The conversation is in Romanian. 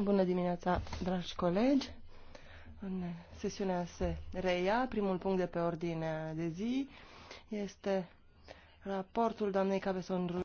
Bună dimineața, dragi colegi. Sesiunea se reia. Primul punct de pe ordinea de zi este raportul doamnei Cabezon